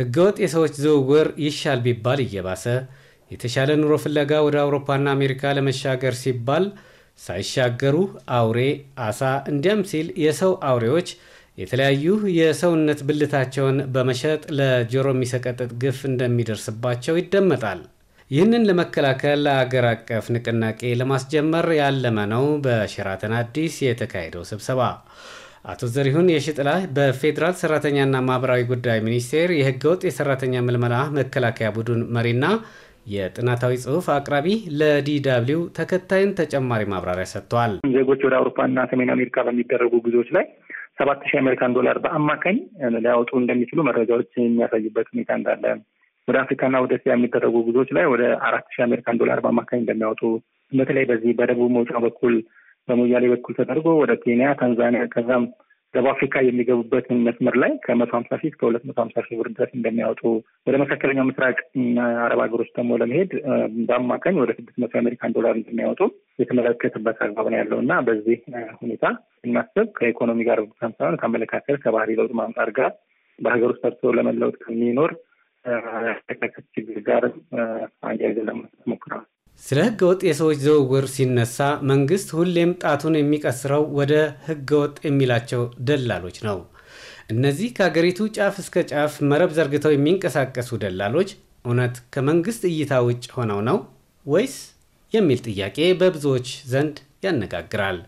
ህገወጥ የሰዎች ዝውውር ይሻል ቢባል እየባሰ የተሻለ ኑሮ ፍለጋ ወደ አውሮፓና አሜሪካ ለመሻገር ሲባል ሳይሻገሩ አውሬ፣ አሳ እንዲያም ሲል የሰው አውሬዎች የተለያዩ የሰውነት ብልታቸውን በመሸጥ ለጆሮ የሚሰቀጥጥ ግፍ እንደሚደርስባቸው ይደመጣል። ይህንን ለመከላከል አገር አቀፍ ንቅናቄ ለማስጀመር ያለመ ነው በሸራተን አዲስ የተካሄደው ስብሰባ። አቶ ዘሪሁን የሽጥላ በፌዴራል ሰራተኛና ማህበራዊ ጉዳይ ሚኒስቴር የህገወጥ የሰራተኛ ምልመላ መከላከያ ቡድን መሪና የጥናታዊ ጽሁፍ አቅራቢ ለዲደብሊው ተከታይን ተጨማሪ ማብራሪያ ሰጥተዋል። ዜጎች ወደ አውሮፓና ሰሜን አሜሪካ በሚደረጉ ጉዞዎች ላይ ሰባት ሺህ አሜሪካን ዶላር በአማካኝ ሊያወጡ እንደሚችሉ መረጃዎች የሚያሳዩበት ሁኔታ እንዳለ፣ ወደ አፍሪካና ወደ እስያ የሚደረጉ ጉዞዎች ላይ ወደ አራት ሺህ አሜሪካን ዶላር በአማካኝ እንደሚያወጡ በተለይ በዚህ በደቡብ መውጫ በኩል በሞያሌ በኩል ተደርጎ ወደ ኬንያ፣ ታንዛኒያ ከዛም ደቡብ አፍሪካ የሚገቡበትን መስመር ላይ ከመቶ ሀምሳ ሺህ እስከ ሁለት መቶ ሀምሳ ሺህ ብር ድረስ እንደሚያወጡ ወደ መካከለኛው ምስራቅ አረብ ሀገሮች ደግሞ ለመሄድ በአማካኝ ወደ ስድስት መቶ የአሜሪካን ዶላር እንደሚያወጡ የተመለከትበት አግባብ ነው ያለው እና በዚህ ሁኔታ ስናስብ ከኢኮኖሚ ጋር ብቻም ሳይሆን ከአመለካከል ከባህሪ ለውጥ ማምጣር ጋር በሀገር ውስጥ ሰርቶ ለመለወጥ ከሚኖር ችግር ጋር አያይዘን ለማለት ሞክረዋል። ስለ ህገ ወጥ የሰዎች ዝውውር ሲነሳ መንግስት ሁሌም ጣቱን የሚቀስረው ወደ ህገወጥ የሚላቸው ደላሎች ነው። እነዚህ ከአገሪቱ ጫፍ እስከ ጫፍ መረብ ዘርግተው የሚንቀሳቀሱ ደላሎች እውነት ከመንግስት እይታ ውጭ ሆነው ነው ወይስ የሚል ጥያቄ በብዙዎች ዘንድ ያነጋግራል።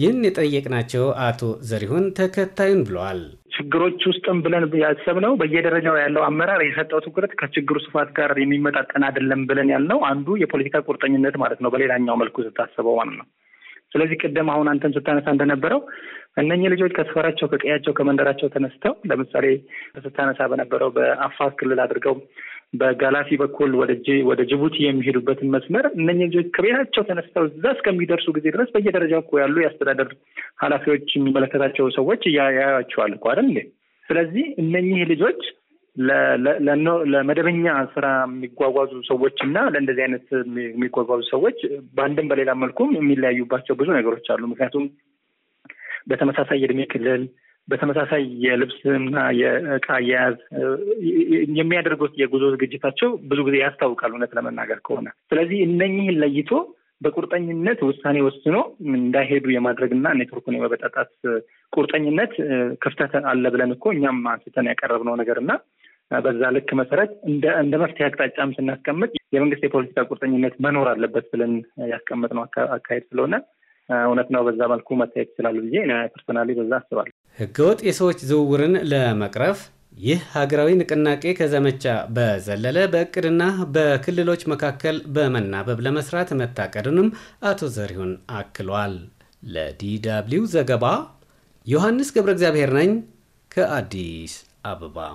ይህን የጠየቅናቸው አቶ ዘሪሁን ተከታዩን ብለዋል። ችግሮች ውስጥም ብለን ያሰብነው በየደረጃው ያለው አመራር የሰጠው ትኩረት ከችግሩ ስፋት ጋር የሚመጣጠን አይደለም ብለን ያልነው አንዱ የፖለቲካ ቁርጠኝነት ማለት ነው። በሌላኛው መልኩ ስታስበው ማለት ነው ስለዚህ ቅደም አሁን አንተን ስታነሳ እንደነበረው እነኚህ ልጆች ከሰፈራቸው ከቀያቸው ከመንደራቸው ተነስተው ለምሳሌ ስታነሳ በነበረው በአፋር ክልል አድርገው በጋላፊ በኩል ወደ ጅቡቲ የሚሄዱበትን መስመር እነኚህ ልጆች ከቤታቸው ተነስተው እዛ እስከሚደርሱ ጊዜ ድረስ በየደረጃው እኮ ያሉ የአስተዳደር ኃላፊዎች የሚመለከታቸው ሰዎች እያያቸዋል እኮ አይደል? ስለዚህ እነኚህ ልጆች ለመደበኛ ስራ የሚጓጓዙ ሰዎች እና ለእንደዚህ አይነት የሚጓጓዙ ሰዎች በአንድም በሌላ መልኩም የሚለያዩባቸው ብዙ ነገሮች አሉ። ምክንያቱም በተመሳሳይ የእድሜ ክልል፣ በተመሳሳይ የልብስና የእቃ አያያዝ የሚያደርጉት የጉዞ ዝግጅታቸው ብዙ ጊዜ ያስታውቃል፣ እውነት ለመናገር ከሆነ ስለዚህ እነኚህን ለይቶ በቁርጠኝነት ውሳኔ ወስኖ እንዳይሄዱ የማድረግና ኔትወርኩን የመበጣጣት ቁርጠኝነት ክፍተት አለ ብለን እኮ እኛም አንስተን ያቀረብነው ነገር እና በዛ ልክ መሰረት እንደ መፍትሄ አቅጣጫም ስናስቀምጥ የመንግስት የፖለቲካ ቁርጠኝነት መኖር አለበት ብለን ያስቀመጥነው አካሄድ ስለሆነ እውነት ነው። በዛ መልኩ መታየት ይችላሉ ብዬ ፐርሶናሊ በዛ አስባለሁ። ህገወጥ የሰዎች ዝውውርን ለመቅረፍ ይህ ሀገራዊ ንቅናቄ ከዘመቻ በዘለለ በእቅድና በክልሎች መካከል በመናበብ ለመስራት መታቀድንም አቶ ዘሪሁን አክሏል። ለዲደብሊው ዘገባ ዮሐንስ ገብረ እግዚአብሔር ነኝ ከአዲስ አበባ